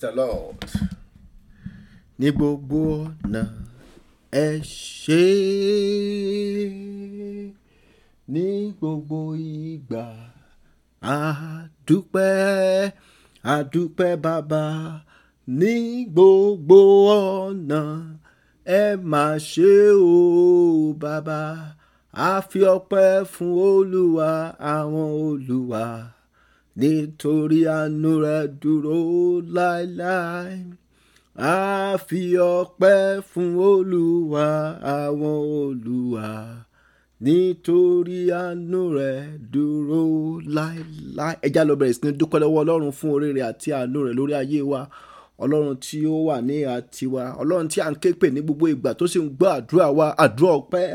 the Lord. Ní gbogbo ọ̀nà ẹ ṣé ní gbogbo ìgbà àdúpẹ́ àdúpẹ́ bàbá ní gbogbo ọ̀nà ẹ mà ṣe o bàbá a fi ọpẹ́ fún Olúwa àwọn Olúwa nítorí àánú rẹ dúró láéláé a fi ọpẹ́ fún olúwa àwọn olúwa nítorí àánú rẹ dúró láéláé ẹjá lọ bẹ̀rẹ̀ sí ní dúpẹ́ lọ́wọ́ ọlọ́run fún oore rẹ̀ àti àánú rẹ̀ lórí ayé wa ọlọ́run tí ó wà ní àtiwá ọlọ́run tí à ń ké pè ní gbogbo ìgbà tó sì ń gbọ́ àdúrà wa àdúrà ọpẹ́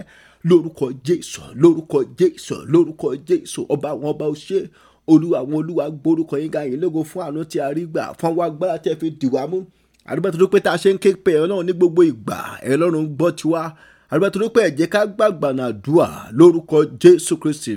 lórúkọ jésù lórúkọ jésù lórúkọ jésù ọba àwọn ọba ó ṣe olúwa àwọn olúwa gbórúkọ yín gáyìn lógo fún àánú tí a rí gbà fún àwọn agbára tí ẹ fi dìwà mú àdúgbò tó pé tá a ṣe ń ké pe ẹ ọlọ́run ní gbogbo ìgbà ẹ ọlọ́run gbọ́ tiwa àdúgbò tó pé ẹ jẹ́ ká gbàgbà nàdúà lórúkọ jésù kristi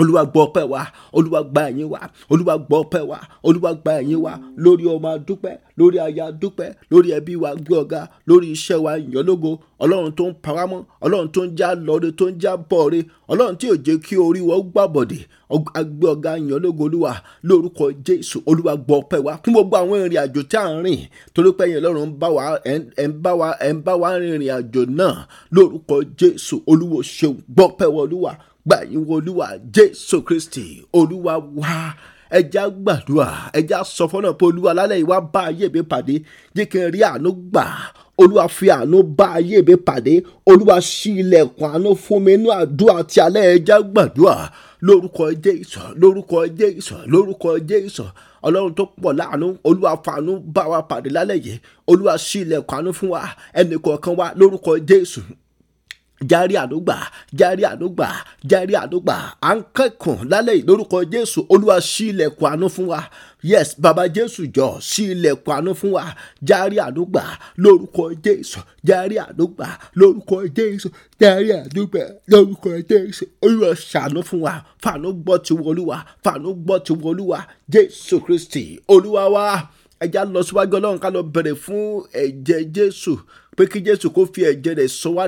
olúwa gbọ́ ọpẹ́ wa olúwa gba ẹ̀yìn wa olúwa gbọ́ ọpẹ́ wa olúwa gba ẹ̀yìn wa lórí ọmọ adúpẹ́ lórí aya dúpẹ́ lórí ẹbí wa gbé ọ̀gá lórí iṣẹ́ wa ìyọ́lógo ọlọ́run tó ń paramọ́ ọlọ́run tó ń já lọ́re tó ń já bọ̀re ọlọ́run tí ò jẹ́ kí orí wọn gbàbọ̀dẹ̀ agbé ọ̀gá ìyọ́lógo olúwa lórúkọ jésù olúwa gbọ́ ọpẹ́ wa fún gbogbo àwọn ìrìn àjò tí à ń rìn torí pé ẹ̀yin ọlọ́run ẹ̀ ń bá wa rìnrìn àjò náà lórúkọ jésù olúwo ṣeun gbọ́ ọpẹ́ wa olúwa gbàyìnwó olúwa jésù kristi olúwa wá ẹja gbàdúrà ẹja sọ fọ́nà pé olúwa lálẹ́ ìwà bá ayé mi pàdé jẹ́ kí n rí àánú gbà olúwa fi àánú bá ayé mi pàdé olúwa ṣí ilẹ̀kùn àánú fún mi inú àdúrà tí alẹ́ ẹja gbàdúrà lórúkọ Jésù lórúkọ Jésù lórúkọ Jésù ọlọ́run tó pọ̀ láàánú olúwa fàánú bá wa pàdé lálẹ́ yìí olúwa ṣí ilẹ̀kùn àánú fún wa ẹnì kọ̀ọ̀kan wa lórúkọ Jésù járí àdógbà járí àdógbà járí àdógbà à ń kẹ́kọ̀ọ́ lálẹ́ yìí lórúkọ jésù olúwa ṣí ilẹ̀kùn àánú fún wa yes baba jésù jọ ṣí ilẹ̀kùn àánú fún wa járí àdógbà lórúkọ jésù járí àdógbà lórúkọ jésù járí àdógbà lórúkọ jésù olúwa ṣàánú fún wa fàánú gbọ́ tiwọn olúwa fàánú gbọ́ tiwọn olúwa jésù kristi olúwa wa ẹja lọ síwájú ọlọ́run ká lọ bẹ̀rẹ̀ fún ẹ̀jẹ̀ jésù pé kí jésù kó fi ẹ̀jẹ̀ rẹ̀ sọ wá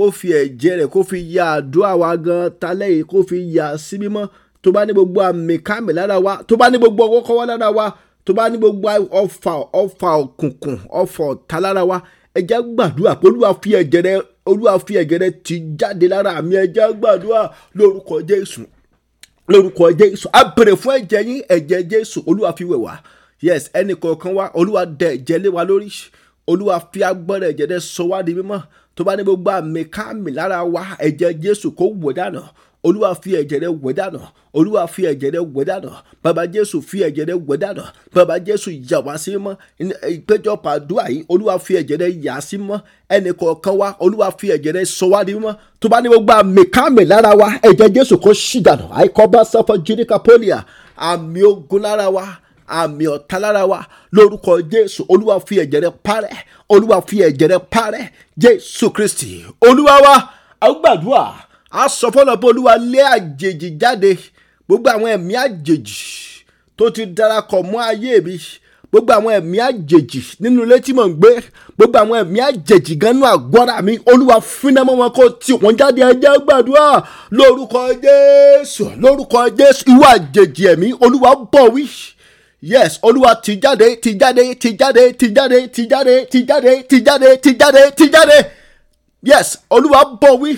kó fi ẹ̀jẹ̀ rẹ̀ kó fi ya àdúrà wa gan talẹ́ yìí kó fi ya sí mímọ́ tó bá ní gbogbo àmì kámi lára wa tó bá ní gbogbo ọwọ́ kọ́wọ́ lára wa tó bá ní gbogbo ọfà ọfà òkùnkùn ọfà ọ̀tá lára wa ẹ jẹ́ gbàdúrà pé olúwa fi ẹ̀jẹ̀ rẹ̀ olúwa fi ẹ̀jẹ̀ rẹ̀ ti jáde lára mi ẹ jẹ́ gbàdúrà lórúkọ Jésù lórúkọ Jésù a bèrè fún ẹ̀jẹ̀ yín ẹ̀jẹ̀ Jésù olúwa fi wẹ̀ wá yes ẹnì kọ̀ọ̀kan wa olúwa dẹ ẹ̀jẹ̀ lé wa lórí olúwa fi agbọ́dọ̀ ẹ̀jẹ̀ rẹ sọ wá di mímọ́ tó bá ní gbogbo àmì káàmì lára wa ẹ̀jẹ̀ jésù kó wọ̀ dànù olúwa fi ẹ̀jẹ̀ rẹ wẹ̀ dànù olúwa fi ẹ̀jẹ̀ rẹ wẹ̀ dànù bàbá jésù fi ẹ̀jẹ̀ rẹ wẹ̀ dànù bàbá jésù yà wá sí mọ́ ìpéjọ pàdúrà yìí olúwa fi ẹ̀jẹ̀ rẹ yà sí mọ́ ẹnì kọ̀ọ̀kan wa olúwa fi ẹ̀jẹ̀ rẹ sọ wá di mọ́ tó bá ní gbogbo àmì káàmì lára wa ẹ̀jẹ̀ jésù kó ṣì dànù àìkọ́ bá sáfọ́ jíríkà pólíà àmì ogun lára wa àmì ọ̀tá lára wa lórúkọ jésù olúwa fi ẹ̀jẹ̀ rẹ parẹ́ olúwa fi ẹ̀jẹ̀ rẹ parẹ́ jésù kristi olúwa wa a gbàdúrà a sọ fọlọ pé olúwa lé àjèjì jáde gbogbo àwọn ẹ̀mí àjèjì tó ti darapọ̀ mọ́ ayé mi gbogbo àwọn ẹ̀mí àjèjì nínú ilé tí mò ń gbé gbogbo àwọn ẹ̀mí àjèjì ganu àgọ́ra mi olúwa fínà mọ́ wọn kó tì wọ́n jáde ẹjẹ́ gbàdúrà lórúkọ jésù lórúkọ jésù ìwà àjèjì ẹ̀mí olúwa bọ̀ wí yes olúwa ti jáde ti jáde ti jáde ti jáde ti jáde ti jáde ti jáde ti jáde ti jáde yes olúwa bọ̀ wí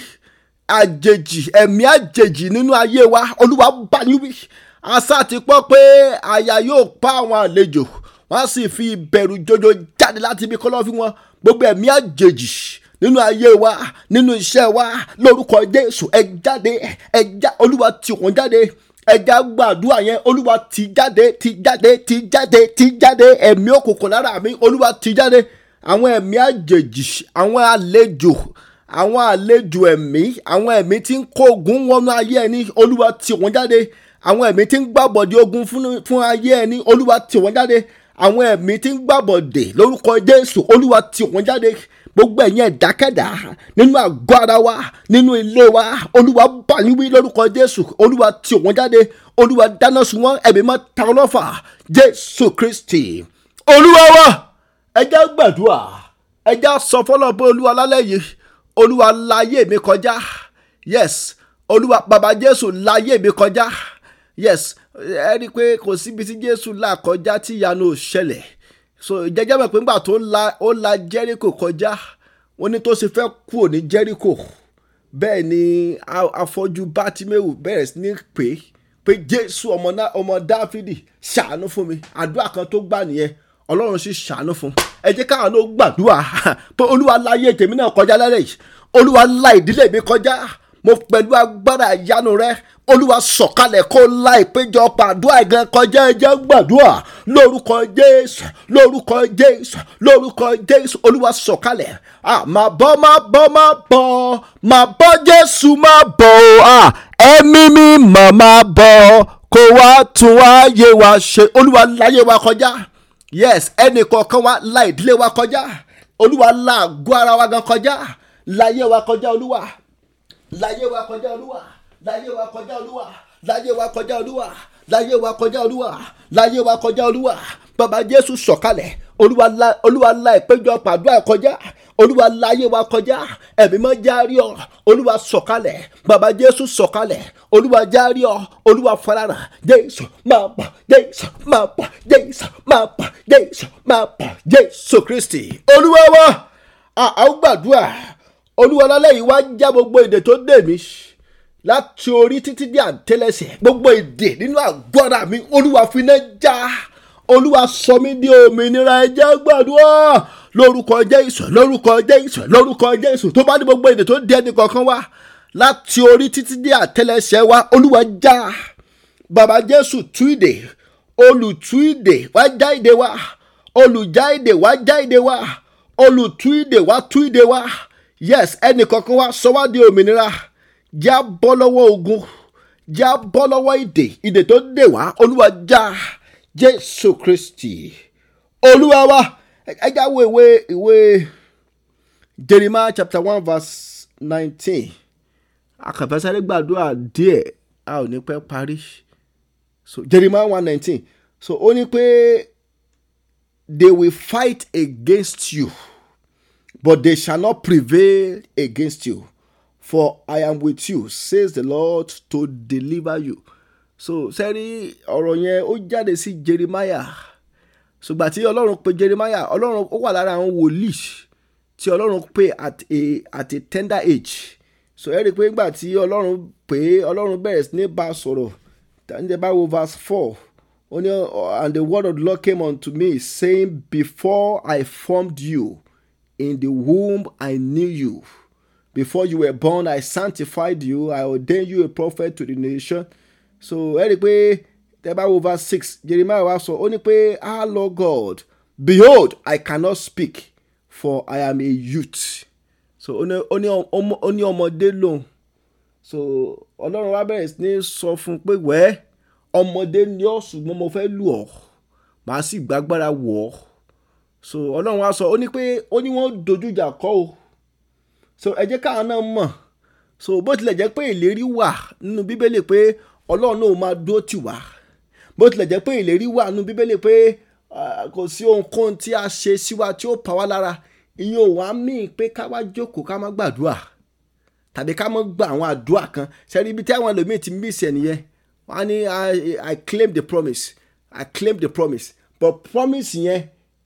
àjèjì ẹ̀mí àjèjì nínú ayé wa olúwa bá yín wí asá ti pọ́ pé àyà yóò pa àwọn àlejò wọ́n á sì fi ìbẹ̀rù jòjò jáde láti ibi kọ́lọ́fín wọn gbogbo ẹ̀mí àjèjì nínú ayé wa nínú iṣẹ́ wa lórúkọ Jésù ẹ jáde ẹ já olúwa tì jáde ẹja gbàdúrà yẹn olúwa ti jáde ti jáde ti jáde ti jáde ẹ̀mí òkùnkùn lára mi olúwa ti jáde àwọn ẹ̀mí àjèjì àwọn àlejò àwọn àlejò ẹ̀mí àwọn ẹ̀mí tí ń kó ogun wọnú ayé ẹni olúwa tì wọ́n jáde àwọn ẹ̀mí tí ń gbàbọ̀dé ogun fún ayé ẹni olúwa ti wọ́n jáde àwọn ẹ̀mí tí ń gbàbọ̀dé lórúkọ jésù olúwa tì wọ́n jáde gbogbo ẹ̀yin ẹ̀dákẹ́dá nínú àgọ́ ara wa nínú ilé wa olúwa bá yín wí lórúkọ jésù olúwa tì wọ́n jáde olúwa dáná sun wọ́n ẹ̀mí mọ́ ta ọlọ́fà jésù kristi olúwa wa ẹ gbàdúrà ẹ jẹ́ sọ fọlọ́pọ̀ olúwa lálẹ́ yìí olúwa láyé mi kọjá yes olúwa bàbá jésù láyé mi kọjá yes ẹ rí i pé kò síbi tí jésù là kọjá tí ìyanu ò ṣẹlẹ̀ so jẹjẹ mọ̀ pé ńgbà tó la ó la Jẹ́ríkò kọjá wọ́n ní tó ṣe fẹ́ kúrò ní Jẹ́ríkò bẹ́ẹ̀ ni afọ́jú Bátíméwù bẹ̀rẹ̀ sí ní pè é pé Jésù ọmọ Dáfídì ṣàánú fún mi àdúrà kan tó gbà nìyẹn Ọlọ́run sì ṣàánú fún ẹ jẹ́ káwọn ló gbàdúrà pé Olúwa la ayé tèmi náà kọjá lálẹ́ yìí Olúwa la ìdílé mi kọjá mo pẹ̀lú agbára ìyanu rẹ olúwa sọ̀kalẹ̀ kó la ìpéjọpọ̀ àdúrà gan kọjá ẹjẹ́ gbàdúrà lórúkọ jésù lórúkọ jésù lórúkọ jésù olúwa sọ̀kalẹ̀ à máa bọ́ máa bọ́ máa bọ́ máa bọ́ jésù máa bọ́ à ẹ̀mí mi mà máa bọ́ kó wá tún wá yé wa ṣe olúwa láyé wa kọjá yes ẹnì kọ̀ọ̀kan wa la ìdílé wa kọjá olúwa la àgọ́ ara wa gan kọjá láyé wa kọjá olúwa láyé wa kọjá olúwa láyé wa kọjá olúwa láyé wa kọjá olúwa láyé wa kọjá olúwa láyé wa kọjá olúwa bàbá jésù sọ̀kalẹ̀ olúwa la ìpéjọ pàdúrà kọjá olúwa láyé wa kọjá ẹ̀mí mọ́ járí ọ olúwa sọ̀kalẹ̀ bàbá jésù sọ̀kalẹ̀ olúwa járí ọ olúwa farahàn jésù máa bà jésù máa bà jésù máa bà jésù máa bà jésù kristi olúwa wa àwọn gbàdúrà olúwalálẹ̀ yìí wá já gbogbo èdè tó dè mí láti orí títí dé àtẹ́lẹsẹ̀ gbogbo èdè nínú àgbọ́ra mi olúwa finá já olúwa sọ mí di òmìnira ẹjẹ́ gbàdúrà lórúkọ Jésù lórúkọ Jésù lórúkọ Jésù tó bá ní gbogbo èdè tó dé ẹnì kọ̀ọ̀kan wá láti orí títí dé àtẹ́lẹsẹ̀ wa olúwa já bàbá Jésù tú ìdè olùtú ìdè wá já ìdè wa olùjá ìdè wá já ìdè wá Olùtú ìdè, wá, tú ìdè, wá yes ẹnì kankan wa sọ wá di òmìnira já bọ́ lọ́wọ́ ogun já bọ́ lọ́wọ́ ìdè ìdè tó dè wá olúwa já jésù kristi olúwa wa ẹja wo ìwé ìwé jeremiah chapter one verse nineteen akàfẹsẹrẹ gbàdúrà díẹ̀ a ò ní pẹ́ parí so jeremiah one nineteen so ó ní pé they will fight against you but they shall not prevail against you. For I am with you, says the Lord, to deliver you. So sẹ́rí ọ̀rọ̀ yẹn ó jáde sí Jeremiah. Ṣùgbọ́n tí Ọlọ́run pe Jeremiah, Ọlọ́run ó wà lára àwọn wòlíì tí Ọlọ́run pe at a at a tender age. So ẹ rí i pé nígbà tí Ọlọ́run pé Ọlọ́run bẹ̀rẹ̀ sí ní bá a sọ̀rọ̀. Tàǹdẹ̀ bá wo verse four. Ó ní and the word of the Lord came unto me saying before I formed you. In the womb I knew you. Before you were born, I sanctified you. I ordained you a prophet to the nation. So ẹ rí i pé tẹ verse six Jeremiah wá sọ ó ní pé ah Lord God behold I cannot speak for I am a youth. So ó ní ọmọdé lòun. So Ọlọ́run wá bẹ̀rẹ̀ sí ní sọ fún un pé wẹ́ẹ́ ọmọdé ni ọ́ ṣùgbọ́n mo fẹ́ lù ọ́ màá sì gbàgbára wọ̀ ọ́ so ọlọ́run wa sọ ó ní pé ó ní wọ́n dojú ìjà o so ẹ jẹ́ káwọn náà mọ̀ so bó tilẹ̀ jẹ́ pé ìlérí wà nínú bíbélì pé ọlọ́run náà máa dúró tì wá bó tilẹ̀ jẹ́ pé ìlérí wà nínú bíbélì pé kò sí ohunkóhun tí a ṣe sí wa tí ó pa wá lára ìyẹn ò wá míì pé ká wá jókòó ká má gbàdúrà tàbí ká má gba àwọn àdúrà kan sẹ́ni ibi tí àwọn ẹlòmíì ti mí ìsẹ̀ nìyẹn wọ́n á ní I claim the promise I claim the promise but promise yẹn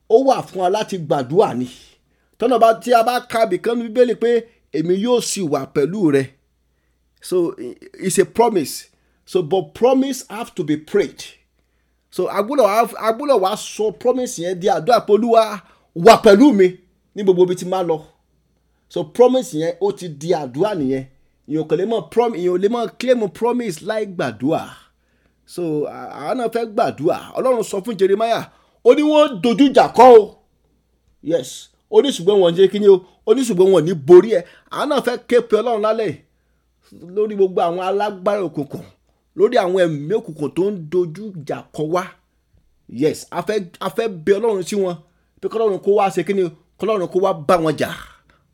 ó wà fún wa láti gbàdúrà ni tọ́nà bá tí a bá ka bìkan bíbélì pé èmi yóò sì wà pẹ̀lú rẹ so it's a promise so but promise have to be prayed so agbọ́dọ̀ wá sọ promise yẹn di àdúrà pé olúwa wà pẹ̀lú mi ní gbogbo ibi tí máa lọ so promise yẹn ó ti di àdúrà nìyẹn ìyẹn kò lè mọ promise ìyẹn ò lè mọ claim promise láì gbàdúrà so àwọn náà fẹ́ gbàdúrà ọlọ́run sọ fún Jeremiah ó ní wọ́n dojú ìjà kọ́ o yes ó ní ṣùgbọ́n wọn jẹ́ kí ni o ó ní ṣùgbọ́n wọn ní borí ẹ̀ àwọn náà fẹ́ ké pe ọlọ́run lálẹ́ lórí gbogbo àwọn alágbára òkùnkùn lórí àwọn ẹ̀mí òkùnkùn tó ń dojú ìjà kọ wá yes a fẹ́ a fẹ́ bẹ ọlọ́run sí wọn pé kọ́lọ́run kó wá ṣe kí ni kọ́lọ́run kó wá bá wọn jà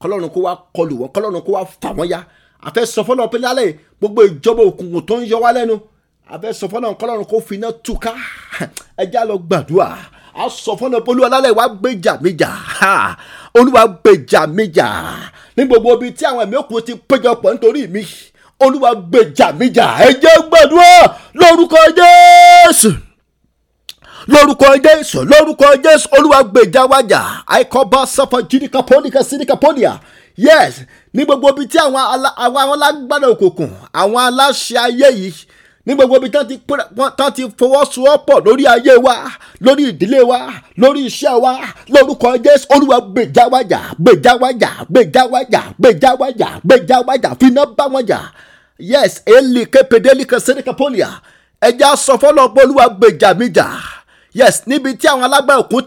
kọ́lọ́run kó wá kọlù wọn kọ́lọ́run kó wá fà wọn ya a fẹ́ sọ fọ́lọ́run pé lálẹ́ gbogbo ìjọba òkùnkùn tó ń yọ wá lẹ́nu a fẹ́ sọ fọ́lọ́run kọ́lọ́run kó finá túká ẹ já lọ gbàdúrà a sọ fọ́nà pé olúwa lálẹ́ wa gbèjà mi jà olúwa gbèjà mi jà ní gbogbo ibi tí àwọn ẹ̀mí òkú ti péjọpọ̀ nítorí mi olúwa gbèjà mi jà ẹ jẹ́ gbàdúrà lórúkọ jésù lórúkọ jésù lórúkọ jésù olúwa gbèjà wájà àìkọ́bá sọ́fọ̀ jìnnìkà pọ́nìkà sínnìkà pọ́nìyà yes ní gbogbo ibi tí àwọn alágbádá òkùnkùn àwọn aláṣẹ ayé yìí ní gbogbo ibi tán ti fọwọ́sowọ́pọ̀ lórí ayé wa lórí ìdílé wa lórí iṣẹ́ wa lórúkọ jésù olúwa gbèjáwájà gbèjáwájà gbèjáwájà gbèjáwájà gbèjáwájà finá bá wọn jà yes eli kepedeli kesirikapolia ẹja sọ fọlọ pé olúwa gbèjà mi jà yes níbi tí àwọn alágbá òkun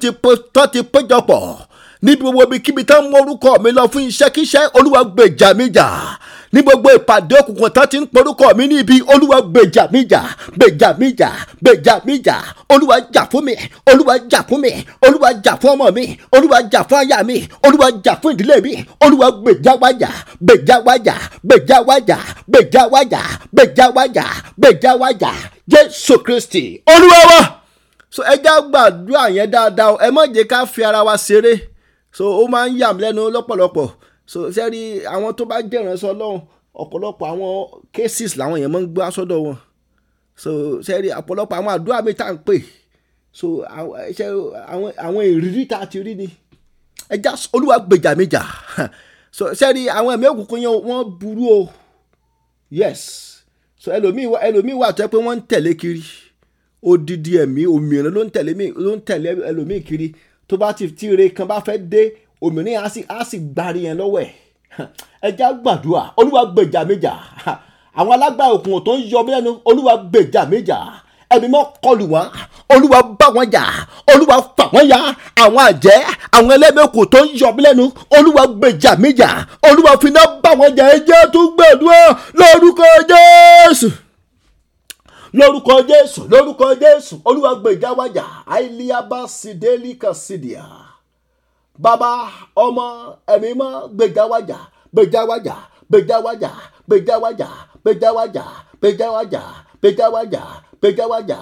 tán ti péjọpọ̀ níbi gbogbo ibi kíbi tán mú orúkọ mi lọ fún iṣẹ́ kíṣẹ́ olúwa gbèjà mi jà ní gbogbo ìpàdé òkùnkùn tán ti ń porúkọ mi ní ibi olúwa gbèjà mi jà gbèjà mi jà gbèjà mi jà olúwa jà fún mi olúwa jà fún mi olúwa jà fún ọmọ mi olúwa jà fún aya mi olúwa jà fún ìdílé mi olúwa gbèjà wa gbèjà wa gbèjà wa gbèjà wa gbèjà wa gbèjà wa jésù kristi olúwa wa so ẹ já gbàdúrà yẹn dáadáa ẹ má jẹ́ ká fi ara wa ṣeré so ó máa ń yà lẹ́nu lọ́pọ̀lọpọ̀ so sẹ́rí àwọn tó bá jẹ̀ránṣẹ́ ọlọ́run ọ̀pọ̀lọpọ̀ àwọn cases làwọn èèyàn máa ń gbá sọ́dọ̀ wọn so sẹ́rí ọ̀pọ̀lọpọ̀ àwọn àdúrà mi tá à ń pè so àwọn ìrírí tá a ti rí ni ẹja olúwa gbèjà mi so sẹ́rí àwọn ẹ̀mí òkùnkùn yẹn wọ́n burú o yes so ẹlòmíì wà ẹlòmíì wà tó yẹ pé wọ́n ń tẹ̀lé kiri odidi ẹ̀mí òmìnira ló ń tẹ̀lé ẹlòmíì kiri tó bá ti tí ire kan bá fẹ́ dé òmìnir á sì gbárí yẹn lọ́wọ́ ẹ̀ ẹja gbàdúrà olúwa gbèjà méjà àwọn alágbára òkùnkùn tó ń yọ mí lẹ́nu olúwa gbèjà méjà ẹ̀mí mọ́ kọlù wọn olúwa bá wọn jà olúwa fà wọn ya àwọn àjẹ́ àwọn ẹlẹ́mẹ̀kù tó ń yọ mí lẹ́nu olúwa gbèjà méjà olúwa finá bá wọn jà ẹjẹ́ tó gbẹ̀dúrà lórúkọ jésù lórúkọ jésù lórúkọ jésù olúwa gbèjà wájà àìlíyàbá sídélì kàsídìà bàbá ọmọ ẹ̀mí mọ́ gbèjà wájà gbèjà wájà gbèjà wájà gbèjà wájà gbèjà wájà gbèjà wájà gbèjà wájà gbèjà wájà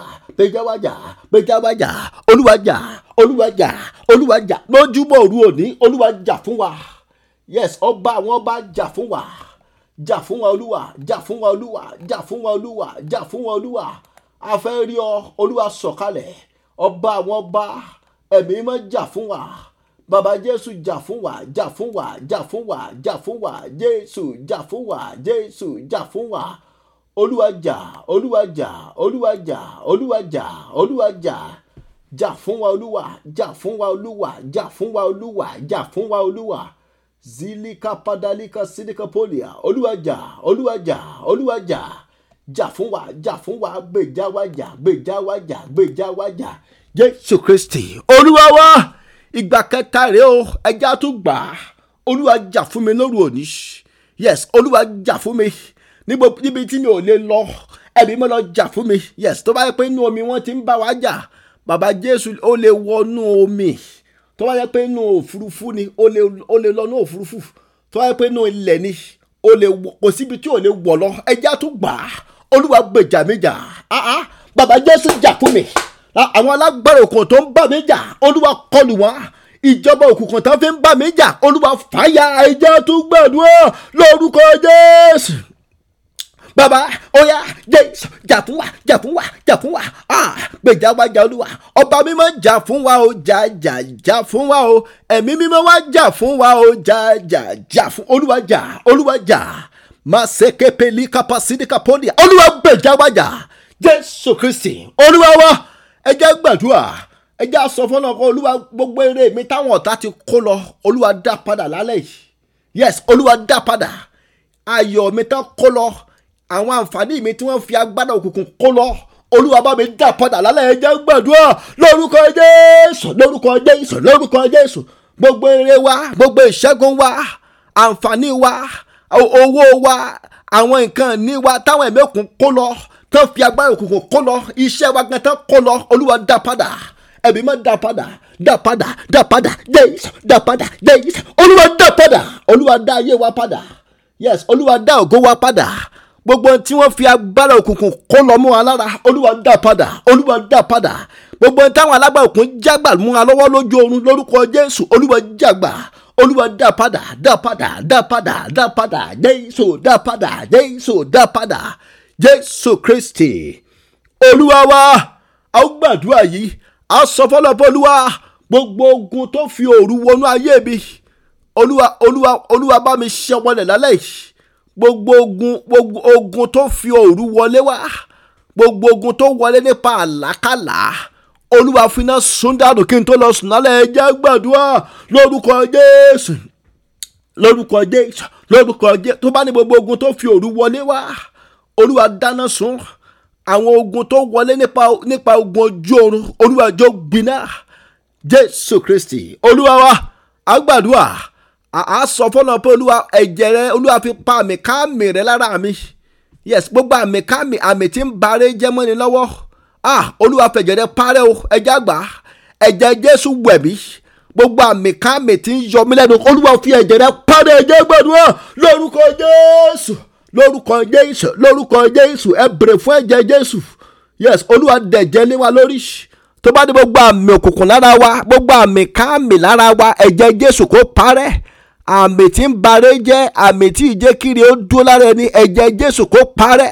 gbèjà wájà gbèjà wájà olúwajà olúwajà olúwajà lójúmọ́ òru òní olúwajà fún wa yes ọba àwọn ọba jà fún wa jà fún wa olúwa jà fún wa olúwa jà fún wa olúwa jà fún wa olúwa a rí ọ olúwa sọ̀kalẹ̀ ọba àwọn ọba ẹ̀mí mọ́ jà fún wa. Baba jésù jà fún wa jà fún wa jà fún wa jà fún wa jésù jà fún wa jésù jà fún wa olúwa jà olúwa jà olúwa jà fún wa olúwa jà fún wa olúwa jà fún wa olúwa jà fún wa olúwa zilika padalika silika polia olúwa jà olúwa jà olúwa jà jà fún wa jà fún wa gbèjà wa gbèjà wa gbèjà wa jésù kristi olúwa ìgbà kẹta rèé o ẹja tún gbà á olúwa jà fún mi lóru òní yes olúwa jà fún mi níbi tí mi ò lè lọ ẹbí mi lọ jà fún mi yes tó bá yẹ pé inú omi wọn ti ń bá wa jà bàbá jésù ó lè wọnú omi tó bá yẹ pé inú òfurufú ni ó lè lọ́nú òfurufú tó bá yẹ pé inú ilẹ̀ ni ó lè kò síbi tí ò lè wọ̀ lọ ẹja tún gbà á olúwa gbèjà mi jà áá ah, ah. bàbá jésù jà fún mi. Ah, àwọn alágbára òkun tó ń bà mí jà olúwa kọlù wọn ìjọba òkùnkùn tó fi ń bà mí jà olúwa fàyà ẹjẹ tó gbàdúrà lórúkọ jésù baba oya jésù jà fún wa jà fún wa jà fún wa ah gbèjà wa jà olúwa ọba mímọ́ jà fún wa o jà jà jà fún wa o ẹ̀mí mímọ́ wa jà fún wa o jà jà jà fún olúwa jà olúwa jà má ṣe képelí kápá sídìkà pọ́nìyà olúwa gbèjà wa jà jésù kristi olúwa wa ẹ jẹ́ gbàdúrà ẹ jẹ́ sọ fọ́nà kan olúwa gbogbo eré mi táwọn ọ̀tá ti kó lọ olúwa dá padà lálẹ́ yìí yes olúwa dá padà ayọ̀ mi tán kó lọ àwọn àǹfààní mi tí wọ́n fi agbádá òkùnkùn kó lọ olúwa bá mi dá padà lálẹ́ ẹ jẹ́ gbàdúrà lórúkọ jésù lórúkọ jésù lórúkọ jésù gbogbo eré wa gbogbo ìṣẹ́gun wa àǹfààní wa owó wa àwọn nǹkan ní wa táwọn ẹ̀mí òkun kó lọ tán fi agbára òkùnkùn kó lọ iṣẹ́ wa gan tán kó lọ olúwa dá padà ẹ̀mí máa dá padà dá padà dá padà jẹ́yìísọ̀ dá padà jẹ́yìísọ̀ olúwa dá padà olúwa dá ayé wa padà yes olúwa dá ògo wa padà gbogbo tí wọ́n fi agbára òkùnkùn kó lọ mú wa lára olúwa dá padà olúwa dá padà gbogbo táwọn alágbára òkùnkùn jágbà mú wa lọ́wọ́ lójú oorun lórúkọ jésù olúwa jágbà olúwa dá padà dá padà dá padà dá padà jẹ́yìísọ̀ dá padà jẹ́yìísọ̀ dá padà jésù kristi olúwa wa a ó gbàdúrà yìí a sọ fọlọ́pọ̀ olúwa gbogbo ogun tó fi òru wọnú ayé mi olúwa olúwa olúwa bá mi ṣe wọlé lálẹ́ yìí gbogbo ogun gbogbo ogun tó fi òru wọlé wá gbogbo ogun tó wọlé nípa àlákàlà olúwa finá sundanu kí n tó lọ sùn lálẹ́ ẹ gbàdúrà lórúkọ jésù lórúkọ jésù lórúkọ jésù tó bá ní gbogbo ogun tó fi òru wọlé wá olúwa dáná sun àwọn ogun tó wọlé nípa nípa ogun ojú oorun olúwa jó gbiná jésù kristi olúwa wa àgbàdua àá sọ fọlọ pé olúwa ẹ̀jẹ̀ rẹ olúwa fi pa àmì káàmì rẹ lára mi yes gbogbo àmì káàmì àmì tí ń baré jẹ́ lọ́wọ́ ah olúwa fẹ̀jẹ̀ rẹ parẹ́ o ẹ̀jẹ̀ àgbà ẹ̀jẹ̀ jésù wẹ̀ mí gbogbo àmì káàmì tí ń yọ mí lẹ́nu olúwa fi ẹ̀jẹ̀ rẹ parẹ́ ẹ̀jẹ̀ gbàdúrà lórúkọ jésù lórúkọ jésù lórúkọ jésù ẹ bèrè fún ẹ̀jẹ̀ jésù yes olúwa dẹ̀jẹ̀ lé wa lórí tó bá dé gbogbo àmì òkùnkùn lára wa gbogbo àmì káàmì lára wa ẹ̀jẹ̀ jésù kó parẹ́ àmì tí ń barẹ́ jẹ́ àmì tí ìjẹ́ kiri ó dúró lára ẹni ẹ̀jẹ̀ jésù kó parẹ́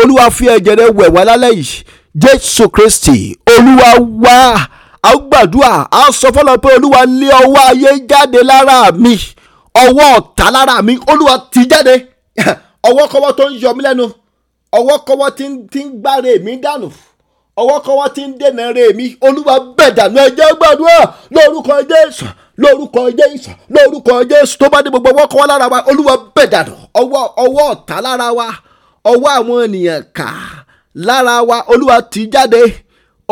olúwa fi ẹ̀jẹ̀ rẹ̀ wẹ̀ wá lálẹ́ yìí jésù kristi olúwa wá a gbàdúrà a sọ fọlọ pé olúwa lé ọwọ́ ayé jáde lára mi ọwọ́ ọ̀tá lára mi olúwa ti jáde ọwọ́kọ́wọ́ tó ń yọ mí lẹ́nu ọwọ́kọ́wọ́ tí ń gbáre mi dànù ọwọ́kọ́wọ́ tí ń dènà re mi olúwa bẹ̀ dànù ẹjẹ́ gbàdúrà lórúkọ jésù lórúkọ jésù lórúkọ jésù tó bá dé gbogbo ọwọ́kọ́wọ́ lára wa olúwa bẹ̀ dànù ọwọ́ ọwọ́ ọ̀tá lára wa ọwọ́ àwọn ènìyàn kà lára wa olúwa ti jáde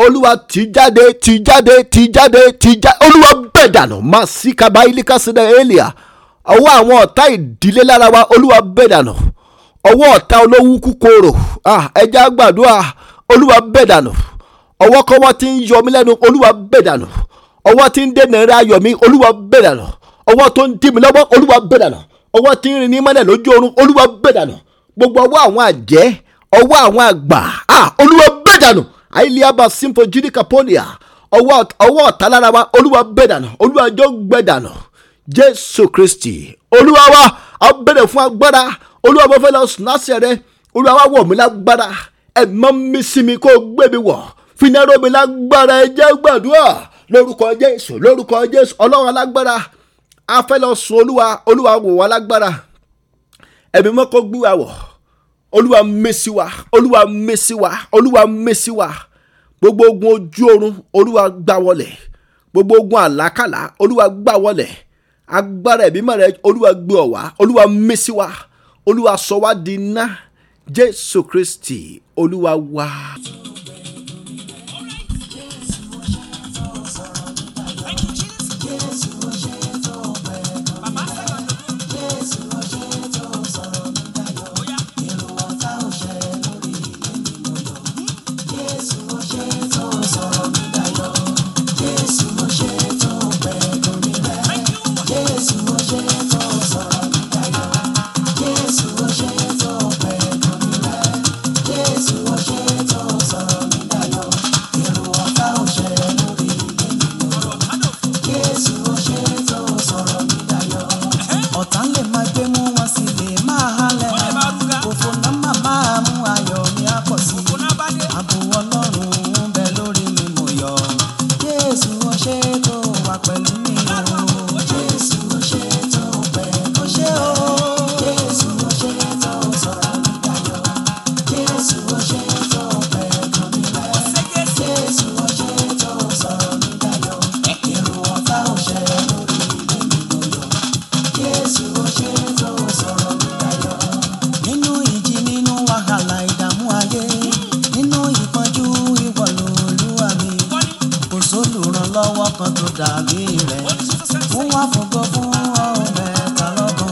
olúwa ti jáde ti jáde ti jáde ti jáde olúwa bẹ̀ dànù màsíkàbá ilé kásìdẹ̀ elia ọwọ́ àwọn ọ̀tá ìdílé lára wa olúwa bẹ̀ ọwọ́ ọ̀tá olówú kúkorò ah, ẹja gbàdúrà olúwa bẹ̀ dànù ọwọ́ kọ́wọ́ tí ń yọ mí lẹ́nu olúwa bẹ̀ dànù ọwọ́ tí ń dènà rẹ̀ ayọ̀ mi olúwa bẹ̀ dànù ọwọ́ tó ń dì mí lọ́wọ́ olúwa bẹ̀ dànù ọwọ́ tí ń rìn ní mọ́lẹ̀ lójú oorun olúwa bẹ̀ dànù gbogbo ọwọ́ àwọn àjẹ́ ọwọ́ àwọn àgbà ah, olúwa bẹ̀ dànù àìlíàbà simple judika ponia ọwọ́ ọ̀tá lára wa olúwa bẹ̀ dànù olúwa jọ gbẹ̀ jésù kristi olúwa wa a bẹ̀rẹ̀ fún agbára olúwa mo fẹ́ lọ sùn láṣẹ rẹ olúwa wá wọ̀ mí lágbára ẹ̀mọ́ mi sí mi kó gbé mi wọ̀ fínáró mi lágbára ẹ jẹ́ gbàdúrà lórúkọ jésù lórúkọ jésù ọlọ́run alágbára a fẹ́ lọ sùn olúwa olúwa wò wá lágbára ẹ̀mí mọ́ kó gbé wa wọ̀ olúwa mẹ́sí wa olúwa mẹ́sí wa olúwa mẹ́sí wa gbogbo ogun ojú oorun olúwa gbà wọlé gbogbo ogun àlákàlà olúwa gbà wọlé agbára ẹ̀mí mọ́ rẹ olúwa gbé ọ wá olúwa mẹ́sí wa. Olúwa olúwa sọ wá di iná jésù kristi olúwa wá.